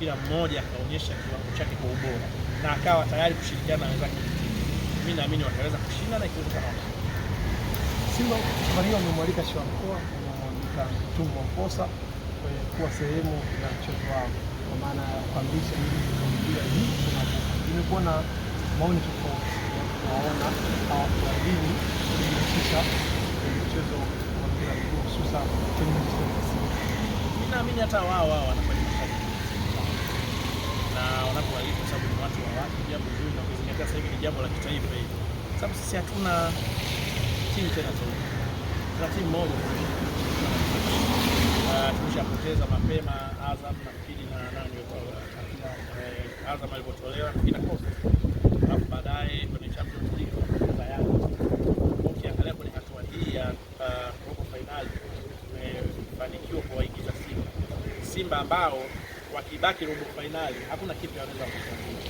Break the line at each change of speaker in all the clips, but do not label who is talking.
kila mmoja akaonyesha kiwango chake kwa ubora na akawa tayari kushirikiana na wenzake. Mimi naamini wataweza kushinda na ikiwezekana
Simba safari hiyo amemwalika Shwa Mkoa, amemwalika Tumbo Mposa eh, kuwa sehemu ya mchezo wao, kwa maana ya kuambisha kukamilisha hili hii. Nimekuwa na maoni tofauti, waona hawakuamini kushirikisha eh, mchezo wa mpira hususan timu.
Mimi naamini hata wao wao wanafanya wako walivyo, sababu ni watu wa watu, jambo zuri na kuzingatia. Sasa hivi ni jambo la kitaifa hili, sababu sisi hatuna timu tena tu, tuna timu moja. Tulishapoteza ah, mapema Azam nafikiri na nani eh, Azam alivyotolewa na kosa, alafu baadaye kwenye Champions League tukapoteza Ukiangalia kwenye hatua hii ya ah, robo fainali tumefanikiwa eh, kuwaingiza Simba Simba ambao wakibaki robo fainali hakuna kitu wanaweza kufanya.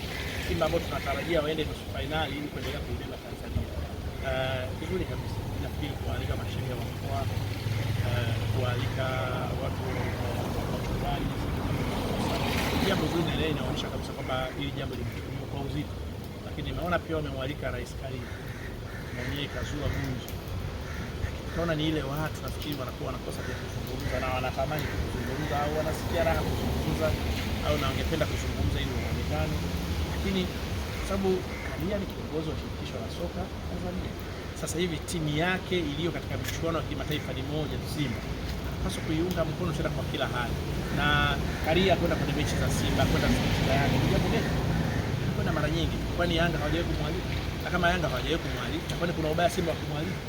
Simba ambao tunatarajia waende nusu fainali ili kuendelea kuibeba Tanzania eh, vizuri kabisa. Nafikiri kualika masheria wa mkoa, eh, kualika watu wachungaji, jambo zuri na leo inaonyesha kabisa kwamba hili jambo limechukuliwa kwa uzito, lakini nimeona pia wamemwalika Rais Karia mwenyewe kazua gumzo Ukaona ni ile watu nafikiri wanakuwa wanakosa pia kuzungumza na wanatamani kuzungumza au wanasikia raha kuzungumza au na wangependa kuzungumza ili waonekane, lakini kwa sababu Karia ni kiongozi wa shirikisho la soka Tanzania, sasa hivi timu yake iliyo katika mchuano wa kimataifa ni moja tu, Simba, anapaswa kuiunga mkono tena kwa kila hali, na Karia kwenda kwenye mechi za Simba, kwenda mechi za Yanga, jambo gani kwenda mara nyingi, kwani Yanga hawajawahi kumwalika? Na kama Yanga hawajawahi kumwalika, kwani kuna ubaya Simba wa kumwalika?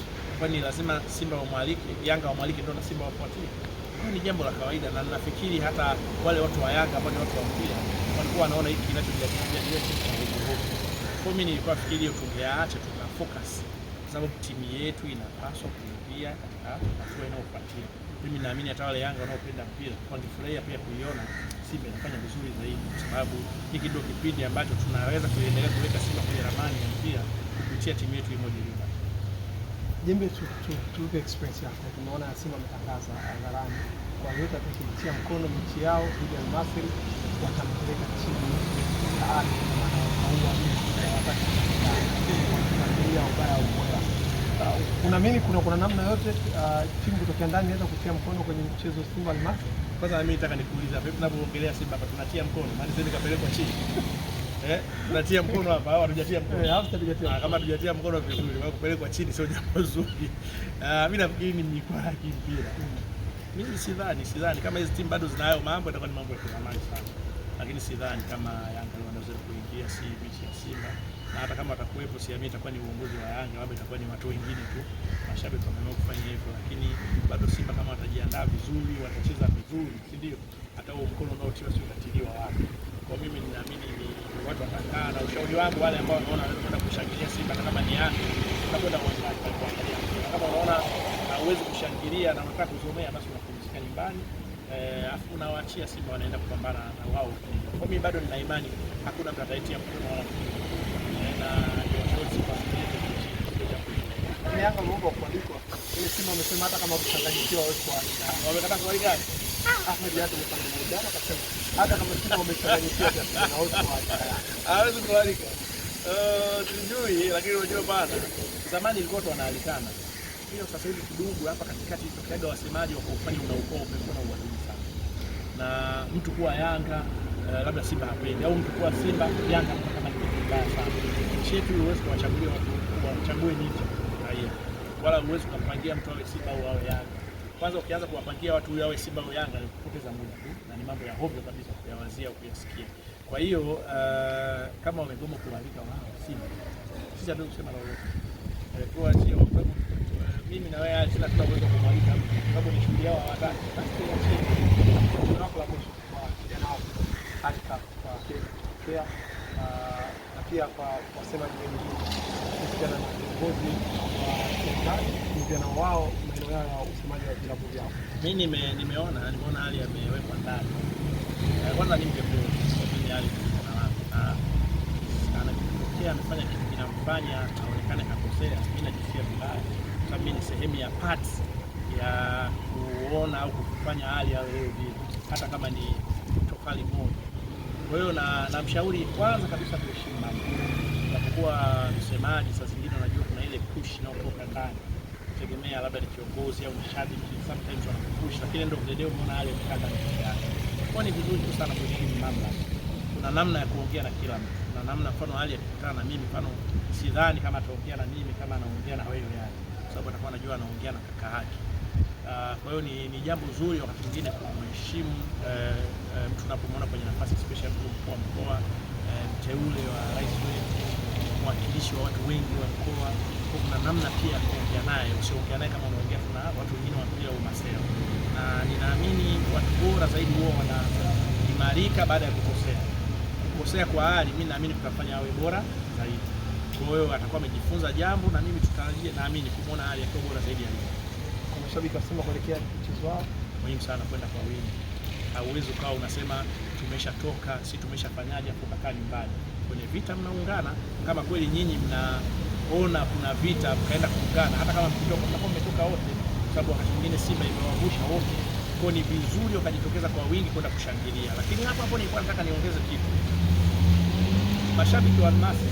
kwani lazima Simba wamwalike, Yanga wamwalike ndio na Simba wafuatie? Ni jambo la kawaida, na nafikiri hata wale watu wa Yanga ambao ni watu wa mpira walikuwa wanaona hiki kinachojadiliwa kwa mimi nilikuwa fikiri tungeacha tungeyaacha focus kwa sababu timu yetu inapaswa kuingia katika hatua inayofuatia. Mimi naamini hata wale Yanga wanaopenda mpira walifurahia pia kuiona Simba inafanya vizuri zaidi, kwa sababu hiki ndio kipindi ambacho tunaweza kuendelea kuweka Simba kwenye ramani ya mpira kupitia timu yetu imoja.
Jembe tupe experience yako, tumeona Simba ametangaza hadharani waliweka kutia mkono mechi yao dhidi ya Almasri, watampeleka chini ya ubaya uh, Unaamini kuna kuna namna yote uh, timu kutokea ndani inaweza kutia mkono kwenye mchezo Simba Almasri?
Kwanza mimi nataka nikuuliza, vipi tunapoongelea Simba tunatia mkono hadi kapelekwa chini Eh, natia mkono hapa au hatujatia mkono?
Eh, hatujatia. Ah,
kama hatujatia mkono vizuri, wao kupelekwa chini sio jambo zuri. Ah, mimi nafikiri ni mikwara ya mpira. Mimi sidhani, sidhani kama hizi timu bado zinayo mambo itakuwa ni mambo ya kizamani sana. Lakini sidhani kama Yanga wanaweza kuingia si bichi ya Simba. Na hata kama watakuwepo siamini itakuwa ni uongozi wa Yanga, labda itakuwa ni watu wengine tu. Mashabiki wameamua kufanya hivyo, lakini bado Simba kama watajiandaa vizuri, watacheza vizuri, si ndio? Hata huo mkono unaotiwa sio utatiliwa wapi. Kwa mimi ninaamini watu watakaa, na ushauri wangu wale ambao wanaona wanaenda kushangilia Simba hata kama ni yani, unakwenda uwanjani kuangalia. Kama unaona hauwezi kushangilia na unataka kuzomea, basi unapumzika nyumbani, eh, afu unawaachia Simba wanaenda kupambana na wao. Kwa mimi bado nina imani hakuna mtu ataitia mkono wala eh, na ndio Simba
Yanga Mungu akuandikwa. Ile Simba wamesema hata kama kuchanganyikiwa wewe kwa.
Wamekata kwa gani? hawezi kualika eh, tujui, lakini unajua bana, zamani ilikuwa watu wanaalikana, hiyo sasa hivi kidugu hapa katikati kitokega wasemaji wakaufanya unaukoo umekuwa na uadui sana, na mtu kuwa Yanga eh, labda Simba hapendi au mtu kuwa Simba Yanga kama ni kitu mbaya sana. Nchi yetu huwezi kuwachagulia watu wachague ninja raia, wala huwezi kumpangia mtu awe Simba au awe Yanga. Kwanza ukianza kuwapangia watu huyo Simba au Yanga kupoteza muda tu, na ni mambo ya hovyo kabisa kuyawazia au kuyasikia. Kwa hiyo uh, kama wamegoma kualika wao Simba, sisi hatuwezi kusema lolote kwa sio kwa mimi na wewe sina tuna uwezo kumwalika mtu kwa sababu ni shughuli yao hawataki. Basi kwa hiyo kwa mwisho kwa kijana wao hata kwa kwa uh, na pia kwa wasemaji wengine kuhusiana na viongozi wa serikali, vijana wao kulingana na usemaji wa vilabu vyao. Mimi nime nimeona nimeona hali amewekwa ndani. Eh, kwanza nimpe pole ah, amefanya kitu kinamfanya aonekane kakosea. Mimi najisikia vibaya kwa mimi ni sehemu ya part ya kuona au kufanya hali awe hiyo vile hata kama ni tofali moja. Kwa hiyo na namshauri kwanza kabisa kuheshimu mambo. Unapokuwa msemaji, saa zingine unajua kuna ile push inayotoka ndani kutegemea labda ni kiongozi au mashabiki, sometimes wanakupush, lakini ndio leo umeona hali mkanda yake. Kwa ni vizuri tu sana kuheshimu mamlaka. Kuna namna ya kuongea na kila mtu, kuna namna. Mfano hali akikutana na mimi, mfano sidhani kama ataongea na mimi kama anaongea na wewe, yani kwa sababu atakuwa anajua anaongea na kaka yake. Uh, kwa hiyo ni, ni jambo zuri wakati mwingine kumheshimu eh, eh, mtu unapomwona kwenye nafasi special mkuu mkuu mkoa eh, mteule wa rais wetu, mwakilishi wa watu wengi wa mkoa kuna namna pia kuongea naye, usiongea naye kama unaongea. na watu wengine wanakuja umaseo, na ninaamini watu bora zaidi huwa wanaimarika baada ya kukosea. Kukosea kwa hali, mimi naamini kutafanya awe bora zaidi. Kwa hiyo atakuwa amejifunza jambo, na mimi tutarajie, naamini kumwona hali akiwa bora zaidi alivyo.
Kwa mashabiki wasema kuelekea mchezo wao,
muhimu sana kwenda kwa wingi. Hauwezi ukawa unasema tumeshatoka, si tumeshafanyaje, afu ukakaa nyumbani. Kwenye vita mnaungana, kama kweli nyinyi mna mkaona kuna vita, mkaenda kupigana, hata kama mkitoka, mnakuwa mmetoka wote, sababu wakati mwingine Simba imewagusha wote, kwa ni vizuri wakajitokeza kwa wingi kwenda kushangilia. Lakini hapo hapo nilikuwa nataka niongeze kitu, mashabiki wa Almasi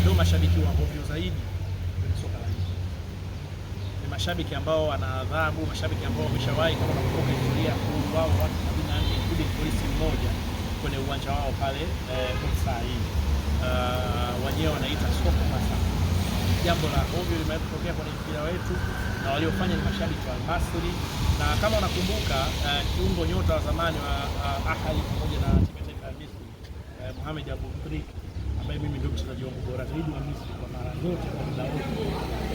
ndio mashabiki wa ovyo zaidi kwenye soka la nchi. Ni mashabiki ambao wana adhabu, mashabiki ambao wameshawahi kama nakumbuka historia ya kuuawa watu 74 polisi mmoja kwenye uwanja wao pale eh, Old Said uh, wenyewe wanaita soko hasa. Jambo la ovyo limetokea kwenye mpira wetu na waliofanya ni mashabiki wa Almasri, na kama unakumbuka uh, kiungo nyota wa zamani wa uh, Ahali pamoja na timu ya taifa ya Misri uh, Mohamed Aboutriki ambaye mimi ndio mchezaji wangu bora zaidi wa Misri kwa mara zote kwa muda wote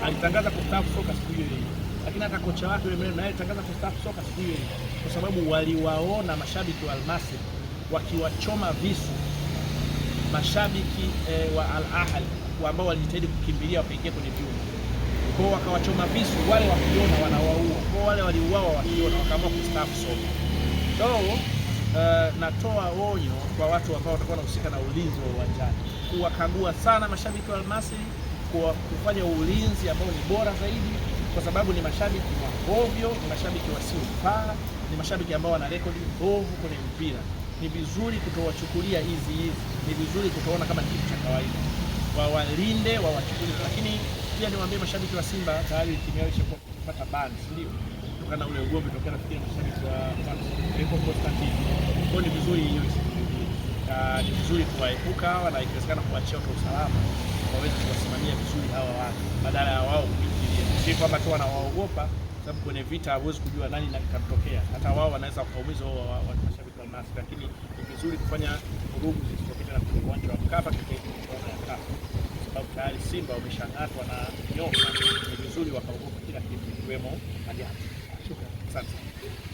alitangaza kustaafu soka siku hiyo hiyo, lakini hata kocha wake yule naye alitangaza kustaafu soka siku hiyo hiyo, kwa sababu waliwaona mashabiki wa Almasri wakiwachoma visu mashabiki eh, wa Al Ahly ambao walijitahidi kukimbilia wakaingia kwenye vyuma kwao, wakawachoma visu wale, wakiona wanawaua kwao, wale waliuawa wakiona, wakaamua kustaafu somo. So uh, natoa onyo kwa watu ambao watakuwa wanahusika na ulinzi wa uwanjani kuwakagua sana mashabiki wa Al Masry, kwa kufanya ulinzi ambao ni bora zaidi, kwa sababu ni mashabiki wa ovyo, ni mashabiki wasiofaa, ni mashabiki ambao wana rekodi mbovu kwenye mpira ni vizuri kutowachukulia hizi hizi, ni vizuri kutoona kama kitu cha kawaida, wawalinde, wawachukulie. Lakini pia niwaambie mashabiki wa Simba, tayari timu yao ishakuwa kupata ban, ndio kutokana ule ugomvi tokana fikiri mashabiki wa Franco Constantine. Kwa ni vizuri hiyo isikurudie, ni vizuri kuwaepuka hawa na ikiwezekana kuachia kwa usalama, waweze kuwasimamia vizuri hawa watu badala ya wao kuingilia, si kwamba tu wanawaogopa, sababu kwenye vita hawezi kujua nani na kitatokea, hata wao wanaweza wakaumizwa wao wa, wa, wa, mnasi, lakini ni vizuri kufanya vurugu zisizopita na kwenye uwanja wa Mkapa ya Kafu, kwa sababu tayari Simba wameshang'atwa na nyoka. Ni vizuri wakaogopa kila kitu ikiwemo majani. Asante.